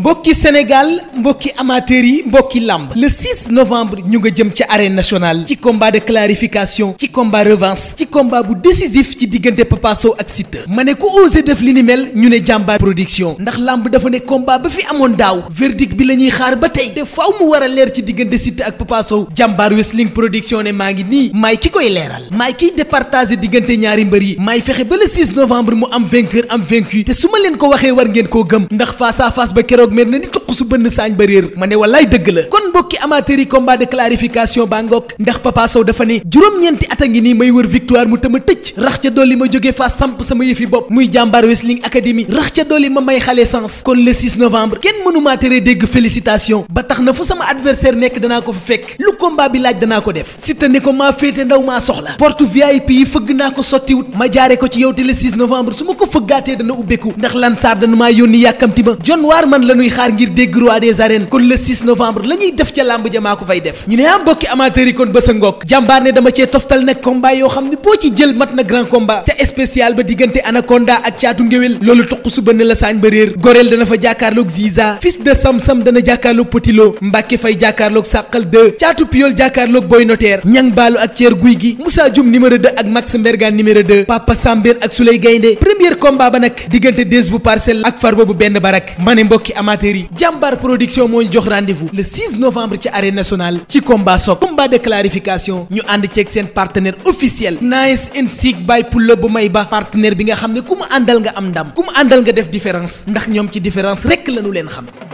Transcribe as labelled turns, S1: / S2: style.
S1: mbokk mbokki Sénégal mbokki amateurs yi mbokki lamb le 6 novembre ñu nga jëm ci arène nationale ci combat de clarification ci combat revanche ci combat bu décisif ci diggante Papa Sow ak Siteu ma ne ku osé def li ni mel ñu ne jàmbaar production ndax lamb dafa ne combat ba fi amoon daaw verdict bi la ñuy xaar ba tey te faaw mu war a leer ci diggante Siteu ak Papa Sow jàmbaar wrestling production ne maa ngi nii maay ki koy leeral maay kiy départager diggante ñaari mbër yi ma leen ko waxee war ngeen koo gëm ndax face à face ba keroog na ni tuq bënn saañ ba réer ma ne wallaay dëgg la kon mbokki amateur yi combat de clarification baa ngook ndax Papa Sow dafa ne juróom-ñeenti at a ngi nii may wër victoire mu tëma tëcc rax ca dolli ma jógee faa samp sama yëfi bopp muy jàmbaar wrestling academy rax ca dolli ma may xale sens kon le 6 novembre kenn mënumaa tere dégg félicitation ba tax na fu sama adversaire nekk danaa ko fa fekk lu combat bi laaj danaa ko def si te ko maa féete ndaw ma la xaar ngir dégg roi des arènes kon le 6 novembre la ñuy def ca làmb ja maa ko fay def ñu ne ah mbokki amateurs kon bés a ngoog jàmbaar ne dama cee toftal nag combat yoo xam ne boo ci jël mat na grand combat ca spécial ba diggante anaconda ak caatu ngéwél loolu toq su bënn la saañ ba réer goreel dana fa jàkkaarloog Ziza fils de Samsam dana jàkkaarloog Potilo Mbàkke fay jàkkaarloog Sàqal 2 caatu Piyol jàkkaarloog Boy Notaire ñang baalu ak Ceer Guy gi Moussa Dioum numéro 2 ak Max Mbergan série jàmbaar production moo ñu jox rendez le 6 novembre ci arène nationale ci combat soc combat de clarification ñu ànd ceeg seen partenaire officiel nice and sick by Pulo bu may ba partenaire bi nga xam ne ku mu àndal nga am ndam ku mu àndal nga def différence ndax ñoom ci différence rekk lañu leen xam